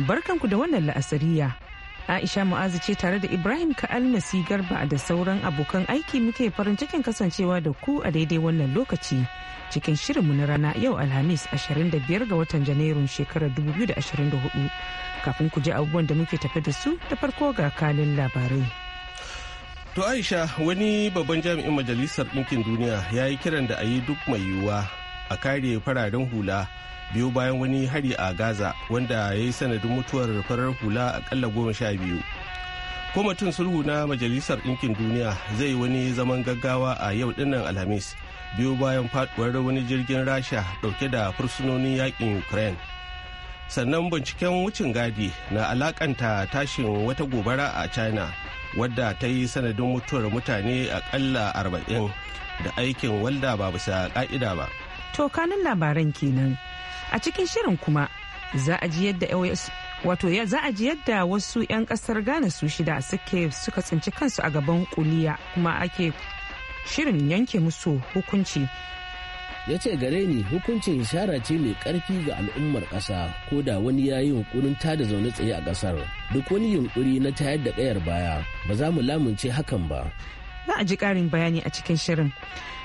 barkanku da wannan la'asariya aisha mu'azu ce tare da ibrahim ka'almasi garba da sauran abokan aiki muke farin cikin kasancewa da ku a daidai wannan lokaci cikin shirinmu na rana yau alhamis 25 ga watan janairun shekarar 2024 kafin ku ji abubuwan da muke tafi da su ta farko ga kanin labarai to aisha wani babban jami'in majalisar ɗinkin duniya ya yi kiran da a yi duk mai yiwuwa a kare fararen hula biyu bayan wani hari a gaza wanda ya yi sanadin mutuwar farar hula akalla goma sha biyu kwamitin sulhu na majalisar ɗinkin duniya zai yi wani zaman gaggawa a yau dinnan alhamis biyu bayan faduwar wani jirgin rasha ɗauke da fursunonin yakin ukraine sannan binciken wucin gadi na alakanta tashin wata gobara a china wadda ta yi sanadin mutuwar mutane akalla arba'in da aikin walda ba bisa ka'ida ba to kanin labaran kenan a cikin shirin kuma za a ji yadda wato ya za a ji yadda wasu 'yan kasar ghana su shida suke suka tsinci kansu a gaban kuliya kuma ake shirin yanke musu hukunci ya ce gare ni hukuncin ishara ce mai karfi ga al'ummar ƙasa ko da wani ya yi ta da zaune tsaye a ƙasar duk wani yunkuri na tayar da ƙayar baya ba za mu lamunce hakan ba za a ji ƙarin bayani a cikin shirin.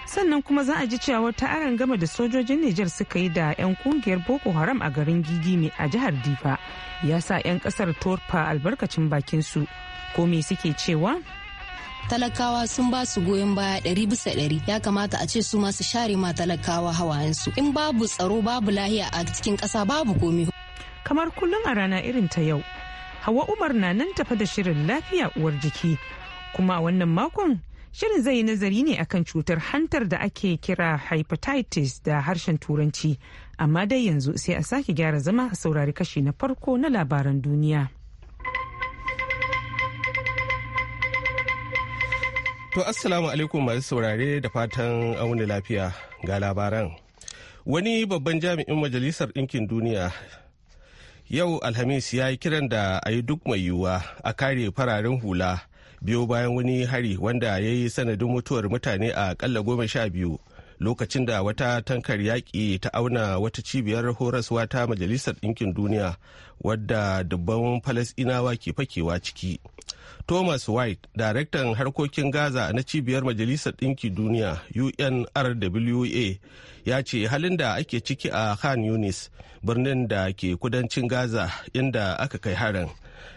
Sannan kuma za a ji cewa wata aron gama da sojojin Nijar suka yi da 'yan kungiyar Boko Haram a garin gigi Gigimi a jihar Difa ya sa 'yan ƙasar torfa albarkacin bakinsu. Ko me suke cewa? talakawa sun ba su goyon baya ɗari bisa ɗari ya kamata a ce su masu share ma talakawa hawayensu in babu tsaro babu lahiya a cikin ƙasa babu komi. kamar kullum a rana irin ta yau hawa umar na nan tafa da shirin lafiya uwar jiki kuma wannan makon Shirin zai yi nazari ne akan cutar hantar da ake kira hepatitis da harshen turanci, amma dai yanzu sai a sake gyara zama a saurari kashi na farko na labaran duniya. To assalamu alaikum masu saurare da fatan auni lafiya ga labaran. Wani babban jami'in Majalisar Ɗinkin Duniya yau Alhamis ya yi kiran da a yi duk mai yiwuwa a kare fararen hula biyo bayan wani hari wanda ya yi sanadin mutuwar mutane a kalla goma sha biyu lokacin da wata tankar yaƙi ta auna wata cibiyar horaswa ta majalisar ɗinkin duniya wadda dubban falasɗinawa ke fakewa ciki thomas white daraktan harkokin gaza na cibiyar majalisar ɗinkin duniya unrwa ya ce halin da ake ciki a khan yunis birnin da ke kudancin gaza inda aka kai harin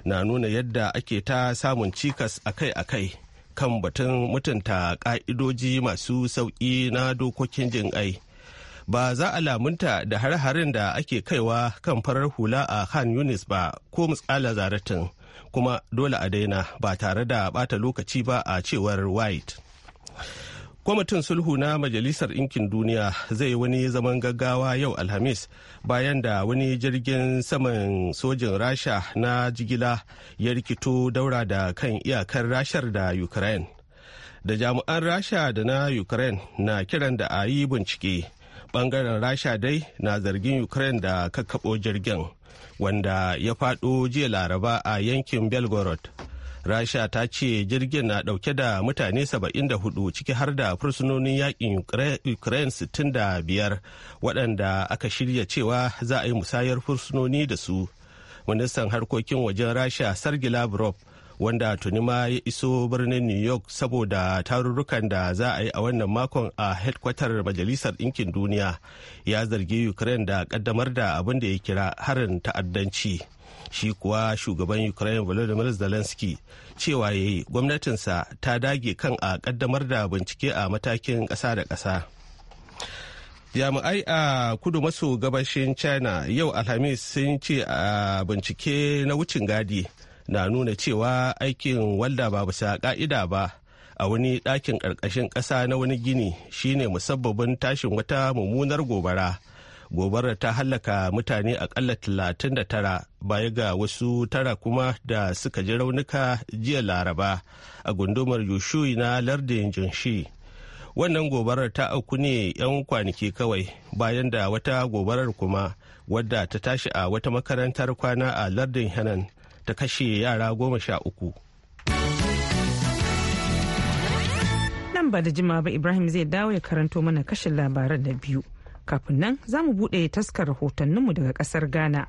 na nuna yadda ake ta samun cikas akai-akai kan batun mutunta ka'idoji masu sauƙi na dokokin jinƙai Ba za a lamunta da har-harin da ake kaiwa kan farar hula a Khan Yunis ba ko mutsala zaratin kuma dole a daina ba tare da bata lokaci ba a cewar White. kwamitin sulhu na majalisar ɗinkin duniya zai wani zaman gaggawa yau alhamis bayan da wani jirgin saman sojin rasha na jigila ya rikito daura da kan iyakar rashar da ukraine da jami'an rasha da na ukraine na kiran da a yi bincike bangaren rasha dai na zargin ukraine da kakkaɓo jirgin wanda ya faɗo jiya laraba a yankin belgorod rasha ta ce jirgin na dauke da mutane 74 ciki har da fursunonin yakin ukraine 65 waɗanda aka shirya cewa za a yi musayar fursunoni da su ministan harkokin wajen rasha sergei lavrov wanda tuni ma ya iso birnin new york saboda tarurrukan da za a yi a wannan makon a hedkwatar majalisar ɗinkin duniya ya zargi ukraine da ƙaddamar da abin da ya kira harin ta'addanci. shi kuwa shugaban ukraine volodymyr zelensky cewa ya yi gwamnatinsa ta dage kan a kaddamar da bincike a matakin ƙasa da ƙasa jami'ai a kudu maso gabashin china yau alhamis sun ce a bincike na wucin gadi na nuna cewa aikin walda ba bisa ka'ida ba a wani dakin ƙarƙashin ƙasa na wani gini shine musabbabin tashin wata mummunar gobara gobarar ta hallaka mutane akalla 39 baya ga wasu tara kuma da suka ji raunuka jiya laraba a gundumar yushui na lardin jinshi wannan gobarar ta auku ne 'yan kwanaki kawai bayan da wata gobarar kuma wadda ta tashi a wata makarantar kwana a lardin hanan ta kashe yara goma sha uku nan ba da jima ba ibrahim zai dawo ya karanto mana kashin labaran na biyu kafin nan za mu buɗe taskar rahotanninmu daga ƙasar ghana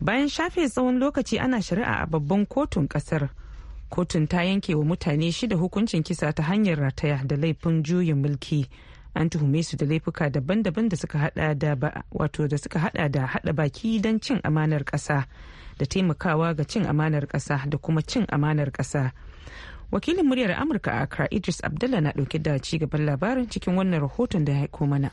bayan shafe tsawon lokaci ana shari'a a babban kotun ƙasar kotun ta yanke wa mutane shida hukuncin kisa ta hanyar rataya da laifin juyin mulki an tuhume su da laifuka daban-daban da suka hada da wato da suka hada da hada baki don cin amanar ƙasa da taimakawa ga cin amanar ƙasa da kuma cin amanar ƙasa wakilin muryar amurka a accra idris abdullah na dauke da ci gaban labarin cikin wannan rahoton da ya haiko mana.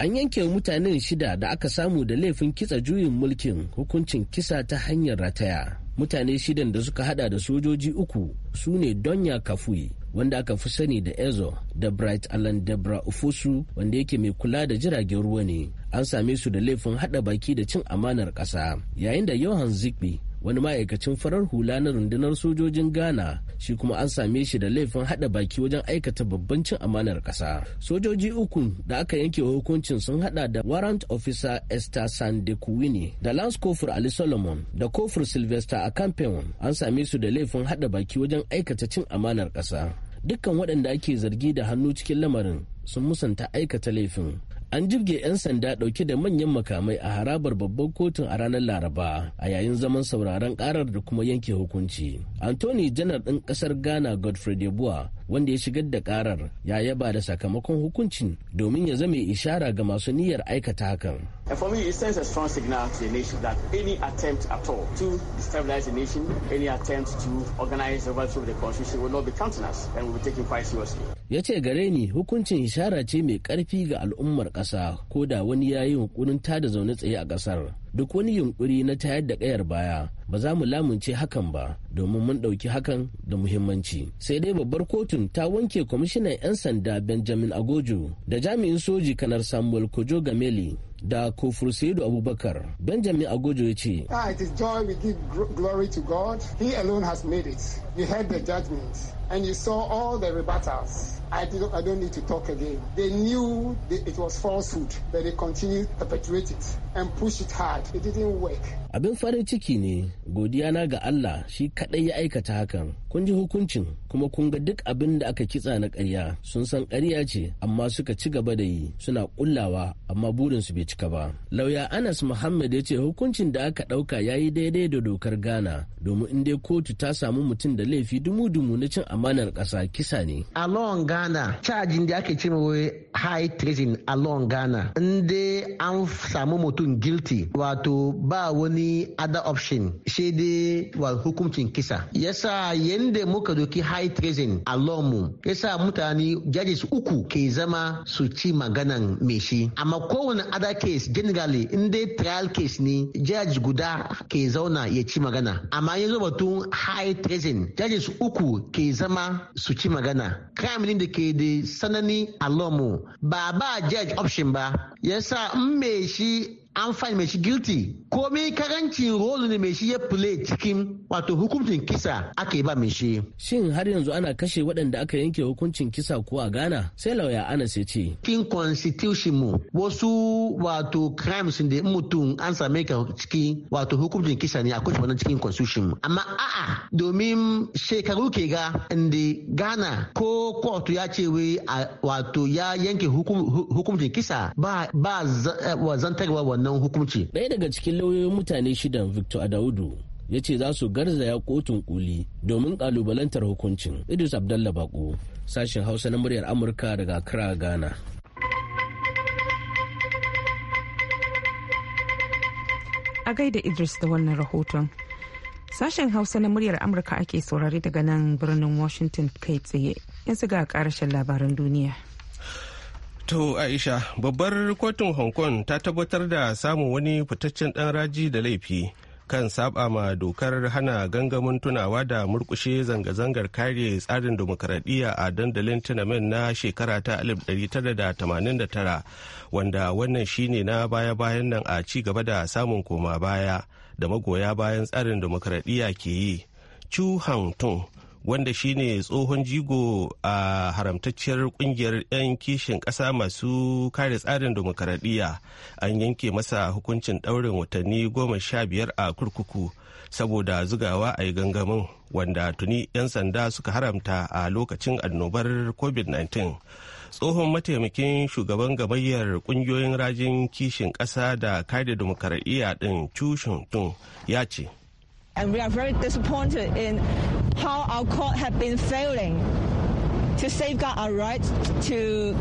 an yanke mutanen shida da aka samu da laifin kitsa juyin mulkin hukuncin kisa ta hanyar rataya mutane shidan da suka hada da sojoji uku su ne donya kafui wanda aka fi sani da ezo da bright allen debra ufusu wanda yake mai kula da jiragen ruwa ne an same su da laifin hada baki da cin amanar kasa yayin da yohan zikbi wani ma'aikacin farar hula na rundunar sojojin ghana shi kuma an same shi da laifin hada baki wajen aikata babban cin amanar kasa sojoji uku da aka yanke hukuncin sun hada da warrant officer esther sandekuwini da lance kofur ali solomon da kofur sylvester a akampeon an same su da laifin hada baki wajen aikata cin amanar kasa dukkan waɗanda ake zargi da hannu cikin lamarin sun musanta aikata laifin an jirge 'yan sanda dauke da manyan makamai a harabar babban kotun a ranar laraba a yayin zaman sauraron karar da kuma yanke hukunci anthony janar ɗin ƙasar ghana godfrey debua wanda ya shigar da karar ya yaba da sakamakon hukuncin domin ya zame ishara ga masu niyyar aikata hakan. for me, it sends a strong signal to the nation that any attempt at all to destabilize the nation, any attempt to organize the overthrow of the constitution will not be countenance and will be taken quite seriously. Ya ce gare ni hukuncin ishara ce mai karfi ga al'ummar ƙasa ko da wani ya yi hukunin tada zaune tsaye a ƙasar. duk wani yunkuri na tayar da kayar baya ba za mu lamunce hakan ba domin mun ɗauki hakan da muhimmanci sai dai babbar kotun ta wanke kwamishinan 'yan sanda benjamin agojo da jami'in soji kanar samuel kojo gameli da Kofursedo Abubakar. Benjamin Agojo ya ce, Ah, it is joy we give glory to God. He alone has made it. You heard the judgment and you saw all the rebuttals. I, I don't need to talk again. They knew it was falsehood, but they continued perpetuate it and push it hard. It didn't work. abin farin ciki ne godiya na ga Allah shi kaɗai ya aikata hakan kun ji hukuncin kuma kun ga duk abin da aka kitsa na ƙarya sun san ƙarya ce amma suka ci gaba da yi suna kullawa amma burinsu bai cika ba lauya Anas Muhammad ya ce hukuncin da aka ɗauka ya yi daidai da dokar Ghana domin in dai kotu ta samu mutum da laifi dumu-dumu na cin amanar ƙasa kisa ne. A lawan Ghana cajin da ake ce wai high treason a lawan Ghana in dai an samu mutum guilty wato ba wani any other option sai dai wa hukuncin kisa yasa yanda muka doki high treason a law mu yasa mutane judges uku ke zama su ci maganan mai shi amma kowane other case generally in dai trial case ne judge guda ke zauna ya ci magana amma yanzu batun high treason judges uku ke zama su ci magana crime ne da ke da sanani a law mu ba ba judge option ba yasa in me shi an fine mai shi guilty komai karanci role ne mai shi ya play cikin wato hukuncin kisa aka yi ba mai shi shin har yanzu ana kashe waɗanda aka yanke hukuncin kisa ko a Ghana sai lauya Anas ya ce kin constitution mu wasu wato crimes da mutum an same ka cikin wato hukuncin kisa ne akwai wannan cikin constitution mu amma a'a domin shekaru ke ga inda Ghana ko kotu ya ce wai wato ya yanke hukuncin kisa ba ba eh, zantarwa wannan wannan hukunci. Ɗaya daga cikin lauyoyin mutane shidan Victor Adaudu ya ce za su garzaya kotun koli domin kalubalantar hukuncin idris abdallah bako sashen hausa na muryar amurka daga accra ghana a gaida idris da wannan rahoton sashen hausa na muryar amurka ake saurari daga nan birnin washington kai tsaye yanzu ga karashen labaran duniya To Aisha, babbar kotun Hong Kong ta tabbatar da samun wani fitaccen ɗan raji da laifi kan saba ma dokar hana gangamin tunawa da murkushe zanga-zangar kare tsarin demokaradiyya a dandalin tunamin na shekara ta 1989 wanda wannan shine na baya-bayan nan a ci gaba da samun koma baya da magoya bayan tsarin demokaradiyya ke yi. Chu Hang Tung wanda shine tsohon jigo a haramtacciyar kungiyar 'yan kishin ƙasa masu kare tsarin demokaradiyya an yanke masa hukuncin ɗaurin watanni goma sha biyar a kurkuku saboda zugawa a yi gangamin wanda tuni 'yan sanda suka haramta a lokacin annobar covid-19 tsohon mataimakin shugaban gamayyar kungiyoyin rajin kishin ƙasa da kare demokaradiyya ɗin cushin tun ya ce how our court have been failing to safeguard our right to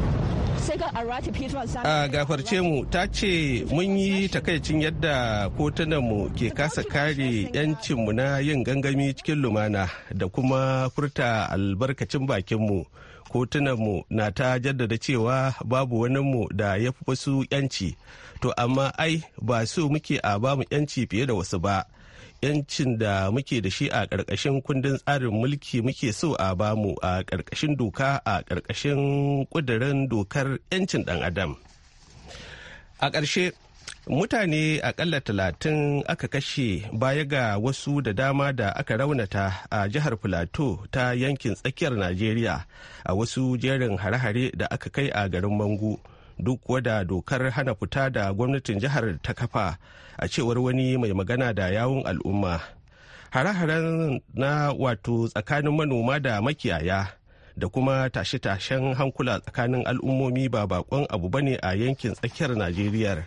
a gafarce mu ta ce mun yi takaicin yadda kotunan mu ke kasa kare 'yancinmu na yin gangami cikin lumana da kuma furta albarkacin bakinmu mu na ta jaddada cewa babu waninmu da ya fi wasu 'yanci to amma ai ba su muke a bamu 'yanci fiye da wasu ba 'yancin da muke da shi a ƙarƙashin kundin tsarin mulki muke so a bamu a ƙarƙashin doka a ƙarƙashin ƙudurin dokar 'yancin ɗan adam a ƙarshe mutane akalla talatin aka kashe baya ga wasu da dama da aka raunata a jihar filato ta yankin tsakiyar najeriya a wasu jerin hare-hare da aka kai a garin mangu. duk wada dokar hana fita da gwamnatin jihar ta kafa a cewar wani mai magana da yawun al'umma hare-haren na wato tsakanin manoma da makiyaya da kuma tashe-tashen hankula tsakanin al'ummomi ba bakon abu bane a yankin tsakiyar najeriya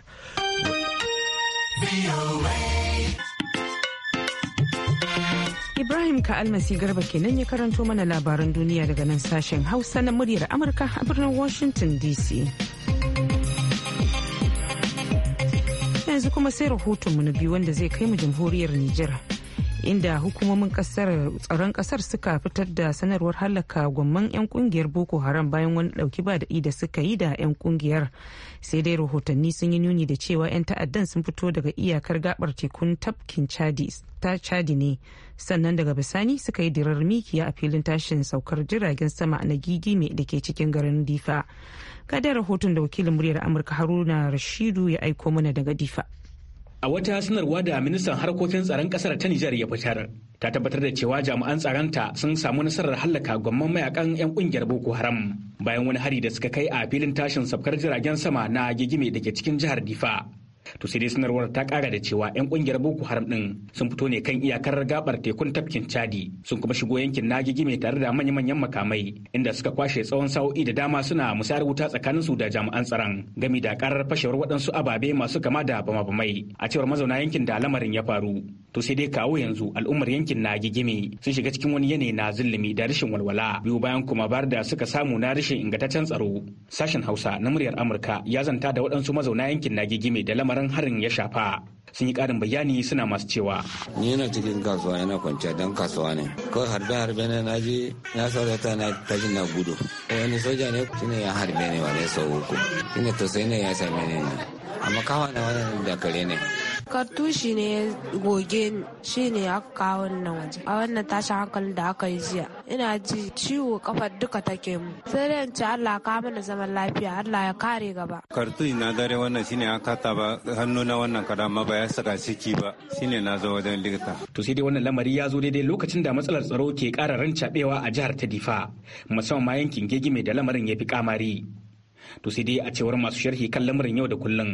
ibrahim ka'almasi garba kenan ya karanto mana labaran duniya daga nan sashen hausa na muryar amurka a birnin washington dc yanzu kuma sai rahotonmu na biyu wanda zai kai mu jamhuriyar Nijar. Inda hukumomin kasar tsaron kasar suka fitar da sanarwar halaka gwamman 'yan kungiyar Boko Haram bayan wani dauki ba daɗi da suka yi da 'yan kungiyar. Sai dai rahotanni sun yi nuni da cewa 'yan ta'addan sun fito daga iyakar gabar tekun tafkin ta Chadi ne. Sannan daga bisani suka yi dirar mikiya a filin tashin saukar jiragen sama na gigi mai da ke cikin garin Difa. kada rahoton da wakilin muryar amurka haruna rashidu ya aiko mana daga difa a wata sanarwa da ministan harkokin tsaron kasar ta nijar ya fitar ta tabbatar da cewa jami'an tsaronta sun samu nasarar hallaka gwamman mayakan 'yan kungiyar boko haram bayan wani hari da suka kai a filin tashin sabkar jiragen sama na gigime da ke cikin jihar difa to sai dai sanarwar ta kara da cewa 'yan kungiyar boko haram din sun fito ne kan iyakar gabar tekun tafkin chadi sun kuma shigo yankin nagigi mai tare da manya-manyan makamai inda suka kwashe tsawon sa'o'i da dama suna musayar wuta tsakanin su da jami'an tsaron gami da karar fashewar waɗansu ababe masu kama da bama a cewar mazauna yankin da lamarin ya faru to sai dai kawo yanzu al'ummar yankin na gigime sun shiga cikin wani yanayi na zulumi da rashin walwala biyu bayan kuma bar da suka samu na rashin ingantaccen tsaro sashen hausa na muryar amurka ya zanta da waɗansu mazauna yankin na gigime da lamarin wuraren harin ya shafa sun yi karin bayani suna masu cewa ni na cikin kasuwa yana kwanciya don kasuwa ne kawai harbe harbe ne na ji na ta na taji na gudu wani soja ne shine ya harbe ne wani sau uku shine to sai ne ya same ne amma kawai na da kare ne kartushi ne ya goge shi ne aka kawo wannan waje a wannan tashin hankalin da aka yi jiya ina ji ciwo kafar duka take mu sai dai in ce Allah ka mana zaman lafiya Allah ya kare gaba kartushi na dare wannan shine aka kata ba hannu na wannan karama ba ya saka ciki ba shine na zo wajen likita to sai dai wannan lamari ya zo daidai lokacin da matsalar tsaro ke ƙara rancabewa a jihar ta Difa musamman ma yankin Gegime da lamarin ya fi kamari to sai dai a cewar masu sharhi kan lamarin yau da kullum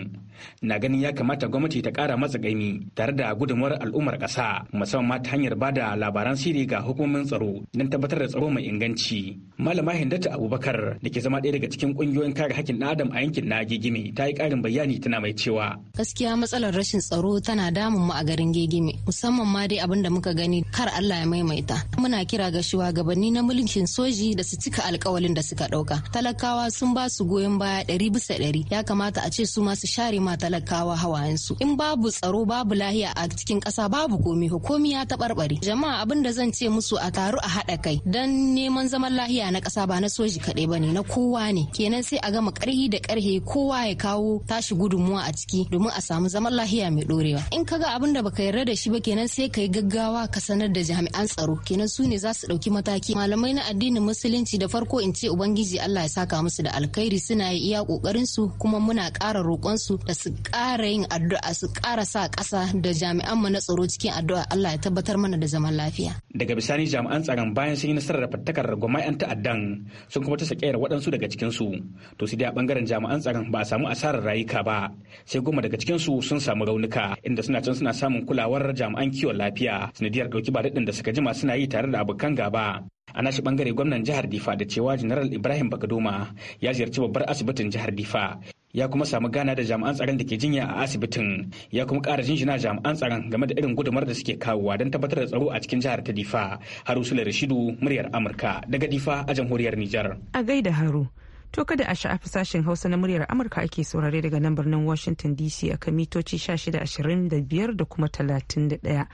na ganin ya kamata gwamnati ta kara matsa gaimi tare da gudunmuwar al'ummar ƙasa musamman ma ta hanyar bada labaran sirri ga hukumomin tsaro don tabbatar da tsaro mai inganci malama hindata abubakar da ke zama ɗaya daga cikin ƙungiyoyin kare hakkin ɗan adam a yankin na gegime ta yi ƙarin bayani tana mai cewa gaskiya matsalar rashin tsaro tana damun mu a garin gegime musamman ma dai abin da muka gani kar Allah ya maimaita muna kira ga shugabanni na mulkin soji da su cika alkawalin da suka ɗauka talakawa sun ba su goyon goyon baya ɗari bisa ɗari ya kamata a ce su masu su share ma talakawa hawayensu in babu tsaro babu lahiya a cikin ƙasa babu komi komi ya taɓarɓare jama'a abin da zan ce musu a taru a haɗa kai don neman zaman lahiya na ƙasa ba na soji kaɗai ba ne na kowa ne kenan sai a gama ƙarhi da ƙarhe kowa ya kawo tashi gudunmuwa a ciki domin a samu zaman lahiya mai ɗorewa in ka ga abin da baka yarda da shi ba kenan sai ka yi gaggawa ka sanar da jami'an tsaro kenan su ne za su ɗauki mataki malamai na addinin musulunci da farko in ce ubangiji Allah ya saka musu da alkhairi suna suna iya kokarin su kuma muna ƙara roƙon su da su ƙara yin addu'a su ƙara sa ƙasa da jami'an mu na tsaro cikin addu'a Allah ya tabbatar mana da zaman lafiya. Daga bisani jami'an tsaron bayan sun yi nasarar da fattakar gwamnatin ta'addan sun kuma ta sakayar waɗansu daga cikin su to sai dai a bangaren jami'an tsaron ba a samu asarar rayuka ba sai goma daga cikin su sun samu raunuka inda suna can suna samun kulawar jami'an kiwon lafiya sanadiyar ɗauki ba daɗin da suka jima suna yi tare da abokan gaba. a shi bangare gwamnan jihar difa da cewa general ibrahim bakadoma ya ziyarci babbar asibitin jihar difa ya kuma samu gana da jami'an tsaron da ke jinya a asibitin ya kuma kara jinjina jami'an tsaron game da irin gudumar da suke kawowa don tabbatar da tsaro a cikin jihar ta difa haru sule rashidu muryar amurka daga difa a jamhuriyar nijar a gaida haru to kada a sha'afi sashen hausa na muryar amurka ake saurare daga nan birnin washington dc a kan mitoci sha 1625 da biyar da kuma da 31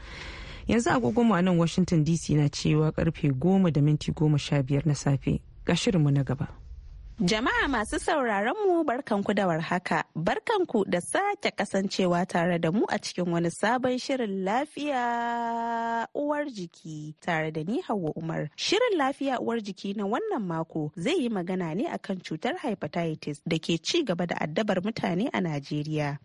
yanzu agogon mu a nan washington dc na cewa karfe goma da minti goma sha biyar na safe ga shirinmu na gaba Jama'a masu sauraron mu barkanku da warhaka, barkanku da sake kasancewa tare da mu a cikin wani sabon shirin lafiya uwar jiki tare da ni hawa Umar. Shirin lafiya uwar jiki na wannan mako zai yi magana ne akan cutar hepatitis da ke ci gaba da addabar mutane a Najeriya.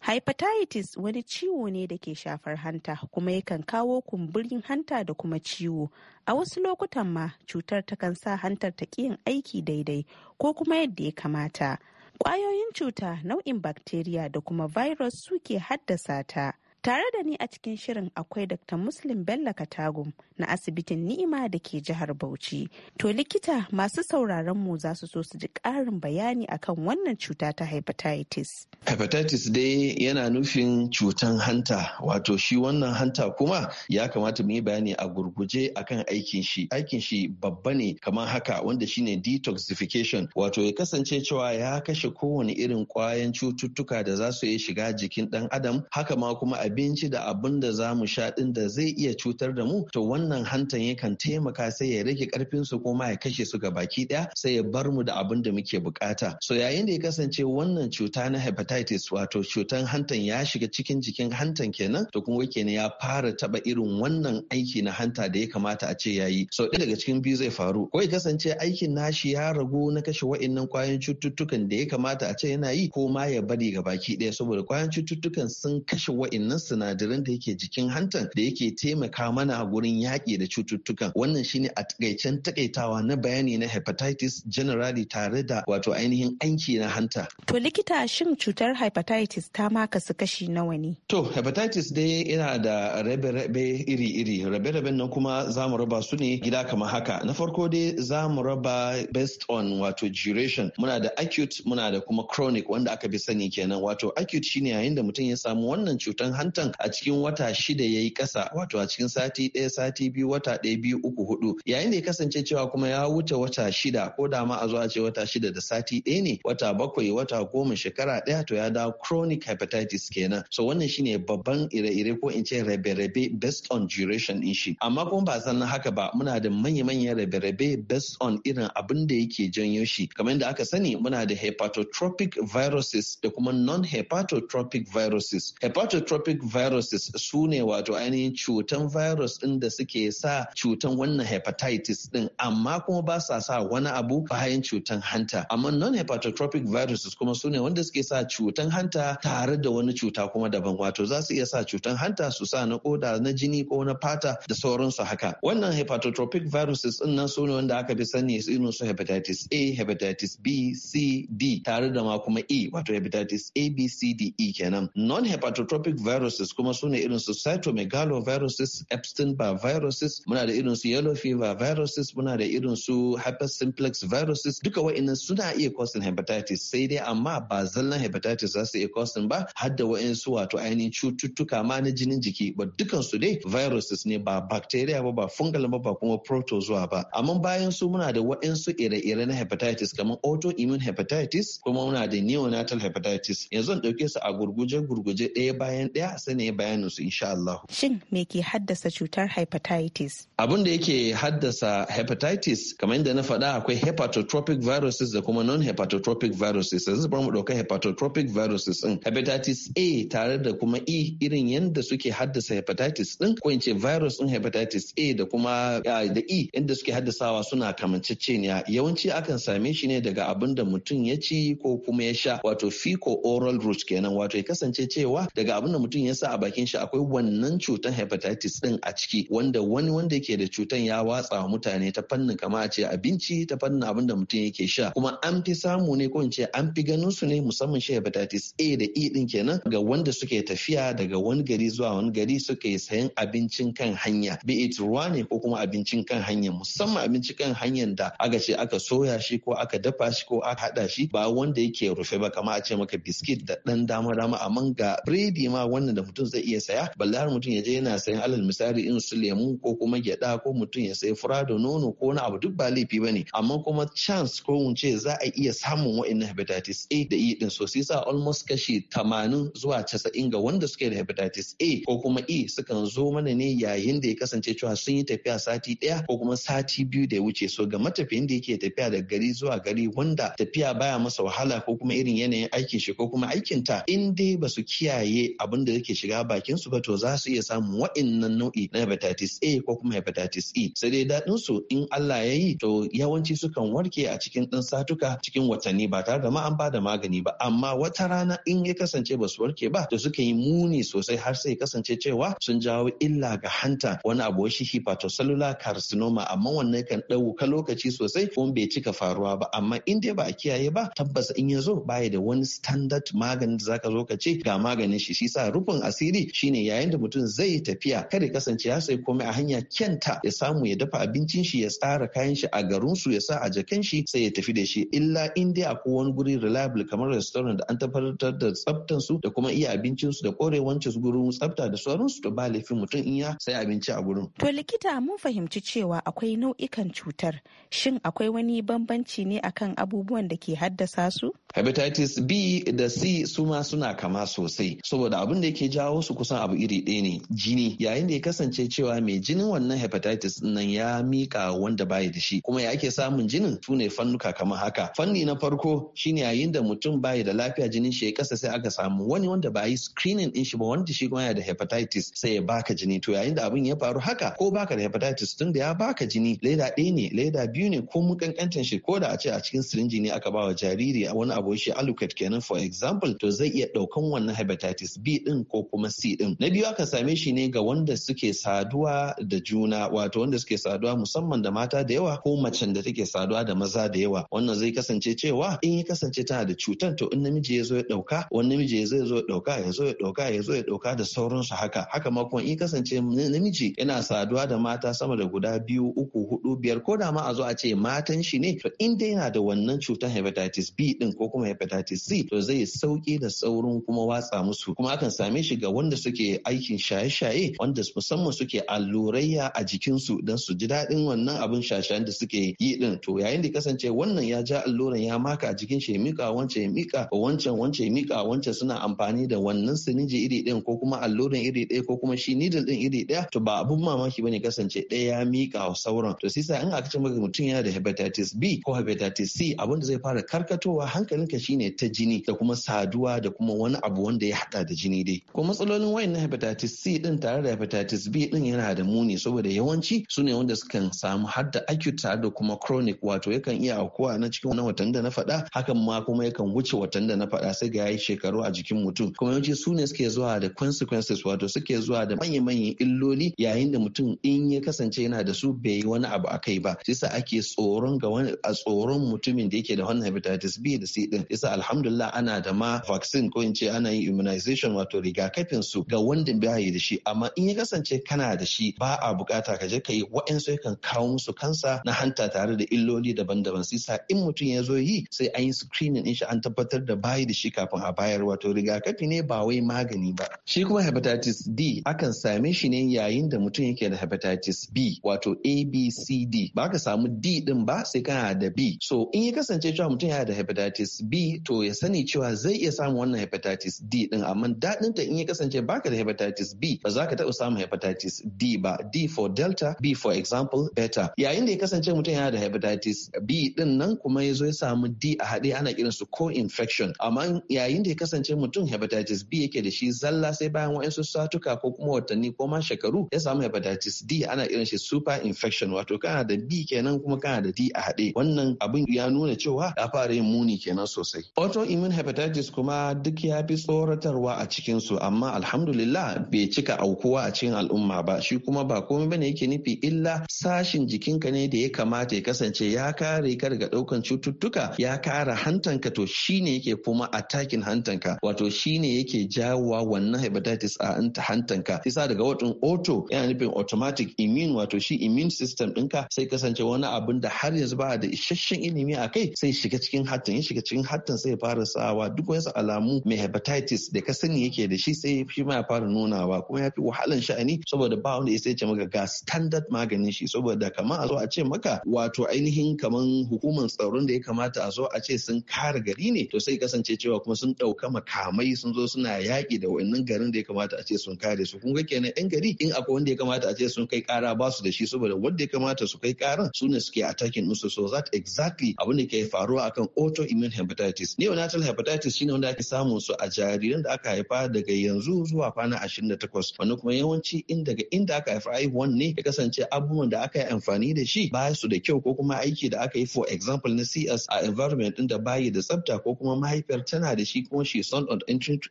Hepatitis wani ciwo ne da ke shafar hanta kuma yakan kawo kumburin hanta da kuma ciwo. A wasu lokutan ma cutar takan sa hantar ta yin aiki daidai ko kuma yadda ya kamata. Ƙwayoyin cuta nau'in bakteriya da kuma virus suke haddasa ta. Tare da ni a cikin shirin akwai Dr. Muslim Bello Katago na asibitin Ni'ima da ke jihar Bauchi. To likita masu sauraron mu za su so su ji ƙarin bayani akan wannan cuta ta hepatitis. Hepatitis dai yana nufin cutan hanta wato shi wannan hanta kuma ya kamata mu yi bayani a gurguje akan aikin shi. Aikin shi babba ne kamar haka wanda shine detoxification wato ya kasance cewa ya kashe kowane irin kwayan cututtuka da za su iya shiga jikin ɗan adam haka ma kuma a abinci da abin da za mu sha ɗin da zai iya cutar da mu to wannan hantan yakan taimaka sai ya rage karfin su kuma ya kashe su ga baki ɗaya sai ya bar mu da abin da muke bukata so yayin da ya kasance wannan cuta na hepatitis wato cutan hantan ya shiga cikin jikin hantan kenan to kuma ne ya fara taba irin wannan aiki na hanta da ya kamata a ce yayi so ɗaya daga cikin biyu zai faru ko ya kasance aikin nashi ya ragu na kashe wa'annan kwayoyin cututtukan da ya kamata a ce yana yi ko ma ya bari ga baki ɗaya saboda kwayoyin cututtukan sun kashe wa'annan wannan sinadaran da yake jikin hantan da yake taimaka mana gurin yaƙi da cututtukan wannan shine a takaicen takaitawa na bayani na hepatitis generally tare da wato ainihin aiki na hanta to likita shin cutar hepatitis ta ma kasu kashi nawa ne to hepatitis dai yana da rabe-rabe iri-iri rabe-raben nan kuma za mu raba su ne gida kamar haka na farko dai za mu raba based on wato duration muna da acute muna da kuma chronic wanda aka bi sani kenan wato acute shine yayin da mutum ya samu wannan cutar hanta Tantan a cikin wata shida ya yi ƙasa wato a cikin sati ɗaya sati biyu wata ɗaya biyu uku hudu yayin da ya kasance cewa kuma ya wuce wata shida ko da ma a zo a ce wata shida da sati ɗaya ne wata bakwai wata goma shekara ɗaya to ya da chronic hepatitis kenan so wannan shine babban ire-ire ko in ce rabe-rabe based on duration din shi amma kuma ba san haka ba muna da manya-manyan rabe-rabe based on irin abin da yake janyo shi kamar yadda aka sani muna da hepatotropic viruses da kuma non-hepatotropic viruses hepatotropic specific viruses su ne wato ainihin cutan virus ɗin da suke sa cutan wannan hepatitis ɗin amma kuma ba sa sa wani abu bayan cutan hanta amma non hepatotropic viruses kuma su ne wanda suke sa cutan hanta tare da wani cuta kuma daban wato za su iya sa cutan hanta su sa na koda na jini ko na fata da sauransu haka wannan hepatotropic viruses ɗin nan su ne wanda aka fi sani irin su hepatitis A hepatitis B C D tare da ma kuma E wato hepatitis A B C D E kenan non hepatotropic virus viruses kuma su ne irin su cytomegaloviruses epstein barr viruses muna da irin su yellow fever viruses muna da irin su herpes viruses duka wa'annan suna iya causing hepatitis sai dai amma ba zallan hepatitis za su iya causing ba har da wa'ansu wato ainihin cututtuka ma na jinin jiki ba dukan su dai viruses ne ba bacteria ba ba fungal ba ba kuma protozoa ba amma bayan su muna da wa'ansu ire-ire na hepatitis kamar autoimmune hepatitis kuma muna da neonatal hepatitis yanzu an ɗauke su a gurguje gurguje ɗaya bayan ɗaya sani ya bayanin su insha Allah. Shin me ke haddasa cutar hepatitis? Abin da yake haddasa hepatitis kamar yadda na faɗa akwai hepatotropic viruses da kuma non-hepatotropic viruses. Yanzu bari mu ɗauka hepatotropic viruses ɗin. Hepatitis A tare da kuma E irin yadda suke haddasa hepatitis ɗin ko in ce virus ɗin hepatitis A da kuma da E yadda suke haddasawa suna kamanceceniya. Yawanci akan same shi ne daga abin da mutum ya ci ko kuma ya sha wato fecal oral route kenan wato ya kasance cewa daga abin da mutum ya sa a bakin shi akwai wannan cutan hepatitis din a ciki wanda wani wanda yake da cutan ya watsa wa mutane ta fannin kama a ce abinci ta fannin abin da mutum yake sha kuma an fi samu ne ko in ce an fi ganin su ne musamman shi hepatitis A da E din kenan ga wanda suke tafiya daga wani gari zuwa wani gari suke sayan abincin kan hanya be it ruwa ne ko kuma abincin kan hanya musamman abincin kan hanyar da aka ce aka soya shi ko aka dafa shi ko aka hada shi ba wanda yake rufe ba kama a ce maka biskit da dan dama dama amma ga biredi ma wannan da mutum zai iya saya balle har mutum ya je yana sayan alal misali in su lemu ko kuma gyada ko mutum ya sayi fura da nono ko na abu duk ba laifi ba ne. amma kuma chance ko mun ce za a iya samun wa'annan hepatitis A da E din so sai sa almost kashi 80 zuwa 90 ga wanda suke da hepatitis A ko kuma E sukan zo mana ne yayin da ya kasance cewa sun yi tafiya sati daya ko kuma sati biyu da ya wuce so ga matafiyin da yake tafiya da gari zuwa gari wanda tafiya baya masa wahala ko kuma irin yanayin aikin shi ko kuma aikin ta in dai ba su kiyaye abin da yake shiga bakin su ba to za su iya samun wa'annan nau'i na hepatitis A ko kuma hepatitis E sai dai daɗin su in Allah ya yi to yawanci sukan warke a cikin ɗan satuka cikin watanni ba tare da ma an bada magani ba amma wata rana in ya kasance ba su warke ba to suka yi muni sosai har sai kasance cewa sun jawo illa ga hanta wani abu shi hepatocellular carcinoma amma wannan kan ɗauka lokaci sosai kuma bai cika faruwa ba amma in dai ba a kiyaye ba tabbas in ya zo baya da wani standard magani da zaka zo ka ce ga maganin shi shi sa rufin asiri shine yayin da mutum zai tafiya kada kasance ya sai komai a hanya kyanta ya samu ya dafa abincin shi ya tsara kayan shi a garin su ya sa a jakan shi sai ya tafi da shi illa in dai akwai wani guri reliable kamar restaurant da an tabbatar da tsaftan su da kuma iya abincin su da korewancin su gurin tsafta da sauran su to ba laifin mutum in ya sai abinci a gurin to likita mun fahimci cewa akwai nau'ikan cutar shin akwai wani bambanci ne akan abubuwan da ke haddasa su hepatitis B da C su ma suna kama sosai saboda abin da ke jawo su kusan abu iri ɗaya ne jini yayin da ya kasance cewa mai jinin wannan hepatitis nan ya mika wanda bayi da shi kuma ya ake samun jinin su ne fannuka kamar haka fanni na farko shine yayin da mutum bayi da lafiya jinin shi ya kasa sai aka samu wani wanda ba yi screening din shi ba wanda shi kuma yana da hepatitis sai ya baka jini to yayin da abin ya faru haka ko baka da hepatitis tun da ya baka jini leda ɗaya ne leda biyu ne ko mun kankantan shi ko da a ce a cikin sirinji ne aka ba wa jariri wani abu shi allocate kenan for example to zai iya ɗaukan wannan hepatitis B din ko kuma C ɗin, Na biyu aka same shi ne ga wanda suke saduwa da juna wato wanda suke saduwa musamman da mata da yawa ko macen da take saduwa da maza da yawa. Wannan zai kasance cewa in ya kasance tana da cutan to in namiji ya zo ya dauka wani namiji ya zo ya zo ya dauka zo ya dauka ya zo ya dauka da sauransu haka. Haka ma kuma in kasance namiji yana saduwa da mata sama da guda biyu uku hudu biyar ko da ma a zo a ce matan shi ne to in dai yana da wannan cutan hepatitis B ɗin ko kuma hepatitis C to zai sauki da saurin kuma watsa musu kuma akan same same shiga wanda suke aikin shaye-shaye wanda musamman suke allurayya a jikinsu don su ji daɗin wannan abin shashayen da suke yi din to yayin da kasance wannan ya ja alluran ya maka a jikin shi mika wancan ya mika wancan wancan mika wancan suna amfani da wannan siniji iri ɗin ko kuma alluran iri ɗaya ko kuma shi needle ɗin iri ɗaya to ba abun mamaki bane kasance ɗaya ya mika wa sauran to sisa in aka ce maka mutum yana da hepatitis B ko hepatitis C abin da zai fara karkatowa hankalinka shine ta jini da kuma saduwa da kuma wani abu wanda ya hada da jini dai ko matsalolin wayan na hepatitis C din tare da hepatitis B din yana da muni saboda yawanci su ne wanda sukan samu har da acute tare da kuma chronic wato yakan iya aukuwa na cikin wani watan da na faɗa hakan ma kuma yakan wuce watan da na faɗa sai ga yayi shekaru a jikin mutum kuma yawanci su ne suke zuwa da consequences wato suke zuwa da manya-manyan illoli yayin da mutum in ya kasance yana da su bai yi wani abu akai ba shi yasa ake tsoron ga wani a tsoron mutumin da yake da wannan hepatitis B da C din yasa alhamdulillah ana da ma vaccine ko in ce ana yin immunization wato riga rigakafin su ga wanda bai da shi amma in ya kasance kana da shi ba a bukata ka je ka yi wa'ansu yakan kawo musu kansa na hanta tare da illoli daban-daban sai sa in mutum ya zo yi sai an yi screening din shi an tabbatar da bayi da shi kafin a bayar wato rigakafi ne ba wai magani ba shi kuma hepatitis D akan same shi ne yayin da mutum yake da hepatitis B wato ABCD ba ka samu D din ba sai kana da B so in ya kasance cewa mutum yana da hepatitis B to ya sani cewa zai iya samun wannan hepatitis D din amma daɗin ta in ya kasance baka da hepatitis B ba za ka taɓa samun hepatitis D ba D for delta B for example beta yayin da ya kasance mutum yana da hepatitis B din nan kuma ya zo ya samu D a haɗe ana kiran su co-infection amma yayin da ya kasance mutum hepatitis B yake da shi zalla sai bayan wa'ansu satuka ko kuma watanni ko ma shekaru ya samu hepatitis D ana kiran shi super infection wato kana da B kenan kuma kana da D a haɗe wannan abin ya nuna cewa ya fara yin muni kenan sosai autoimmune hepatitis kuma duk ya fi tsoratarwa a cikin su Amma amma alhamdulillah bai cika aukuwa a cikin al'umma ba shi kuma ba komai bane yake nufi illa sashin jikinka ne da ya kamata ya kasance ya kare ka daga daukan cututtuka ya kara hantanka to shine yake kuma attacking hantanka wato shine yake jawowa wannan hepatitis a hantanka isa daga watan auto yana nufin automatic immune wato shi immune system ɗinka sai kasance wani abin da har yanzu ba da isasshen ilimi a kai sai shiga cikin hatan ya shiga cikin hatan sai fara sawa duk wasu alamu mai hepatitis da ka sani yake da shi sai shi ma ya fara nunawa kuma ya fi wahalan sha'ani saboda ba wanda ya sai ce maka ga standard maganin shi saboda kamar a zo a ce maka wato ainihin kaman hukumar tsaron da ya kamata a zo a ce sun kare gari ne to sai kasance cewa kuma sun ɗauka makamai sun zo suna yaƙi da wannan garin da ya kamata a ce sun kare su kun ga kenan yan gari in akwai wanda ya kamata a ce sun kai ƙara ba su da shi saboda wanda ya kamata su kai ƙaran su ne suke attacking musu so that exactly abin da ke faruwa akan autoimmune hepatitis neonatal hepatitis shine wanda ake samun su a jariran da aka haifa daga daga yanzu zuwa kwana 28 wannan kuma yawanci in daga inda aka haifi haihuwan ne ya kasance abubuwan da aka yi amfani da shi ba su da kyau ko kuma aiki da aka yi for example na CS a environment din da bayi da tsabta ko kuma mahaifiyar tana da shi kuma she son on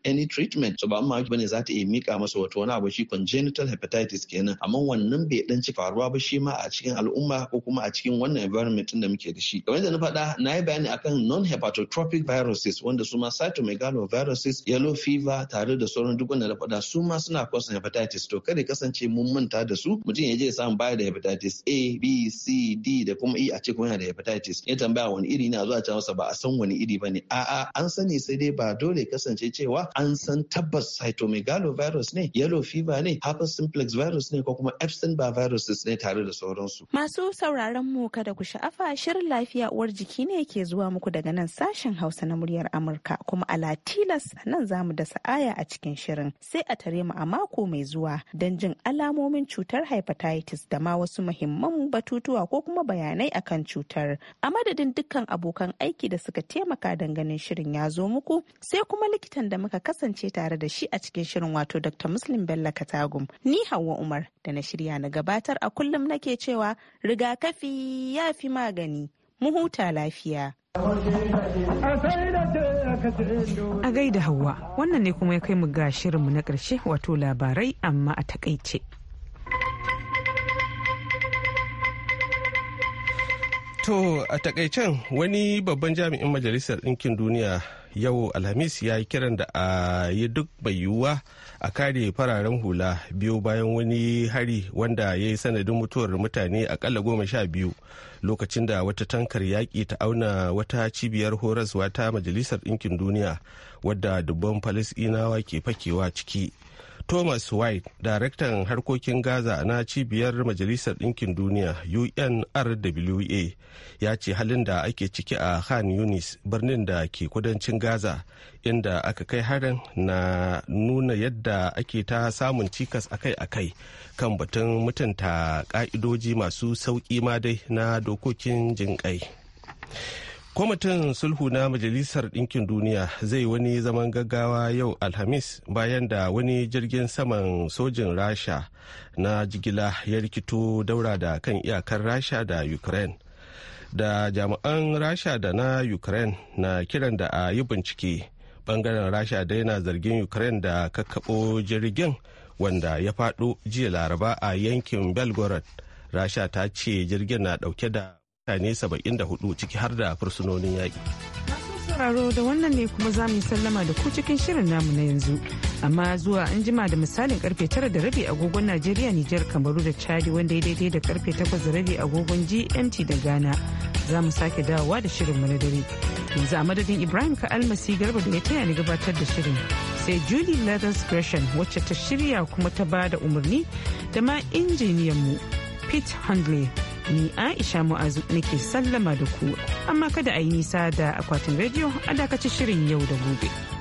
any treatment so ba amma bane za ta iya mika masa wato wani abu shi congenital hepatitis kenan amma wannan bai dan ci faruwa ba shi ma a cikin al'umma ko kuma a cikin wannan environment din da muke da shi kamar yadda na faɗa na yi bayani akan non hepatotropic viruses wanda su ma cytomegaloviruses yellow fever tare da da sauran duk wanda na faɗa su ma suna kwasan hepatitis to kada kasance mun manta da su mutum ya je ya samu baya da hepatitis A B C D da kuma E a ce kuma yana da hepatitis ya tambaya wani iri na zuwa masa ba a san wani iri ba ne a'a an sani sai dai ba dole kasance cewa an san tabbas cytomegalovirus ne yellow fever ne herpes simplex virus ne ko kuma epstein barr viruses ne tare da sauransu masu sauraron mu kada ku sha'afa shirin lafiya uwar jiki ne ke zuwa muku daga nan sashen hausa na muryar amurka kuma a latilas nan zamu da sa'aya a cikin cikin shirin sai a tare mu a mako mai zuwa don jin alamomin cutar hepatitis da ma wasu muhimman batutuwa ko kuma bayanai akan cutar a madadin dukkan abokan aiki da suka taimaka ganin shirin ya zo muku sai kuma likitan da muka kasance tare da shi a cikin shirin wato dr muslim bello katagum ni hawa umar da na shirya na gabatar a kullum nake cewa rigakafi ya fi magani mu huta lafiya A gaida hawa wannan ne kuma ya kai mu ga shirinmu na ƙarshe wato labarai amma a takaice. To a takaicen wani babban jami'in Majalisar Ɗinkin Duniya yau Alhamis ya yi kiran da a yi duk bai yiwuwa a kare fararen hula biyu bayan wani hari wanda ya yi sanadin mutuwar mutane akalla goma sha biyu lokacin da wata tankar yaƙi ta auna wata cibiyar horaswa ta majalisar ɗinkin duniya wadda dubban falasɗinawa ke fakewa ciki thomas white daraktan harkokin gaza na cibiyar majalisar ɗinkin duniya unrwa ya ce halin da ake ciki a khan yunis birnin da ke kudancin gaza inda aka kai harin na nuna yadda ake ta samun cikas akai-akai kan batun mutunta ka'idoji masu sauki ma dai na dokokin jinƙai. kwamitin sulhu na majalisar ɗinkin duniya zai wani zaman gaggawa yau alhamis bayan da wani jirgin saman sojin rasha na jigila ya rikito daura da kan iyakar rasha da ukraine da jami'an rasha da na ukraine na kiran da a yi bincike bangaren rasha dai na zargin ukraine da kakkaɓo jirgin wanda ya faɗo jiya laraba a yankin belgorod rasha ta ce jirgin na ɗauke da mutane 74 ciki har da fursunonin yaƙi. sauraro da wannan ne kuma za mu yi sallama da ku cikin shirin namu na yanzu amma zuwa an jima da misalin karfe tara da rabi agogon najeriya nijar kamaru da chadi wanda ya daidai da karfe takwas da rabi agogon gmt da ghana za mu sake dawowa da shirin na dare yanzu a madadin ibrahim ka almasi garba da ya taya ni gabatar da shirin sai julie leathers gresham wacce ta shirya kuma ta ba da umarni da ma injiniyan mu pete hundley ni aisha mu'azu nake sallama da ku amma kada a yi nisa da akwatin rediyo a dakaci shirin yau da gobe.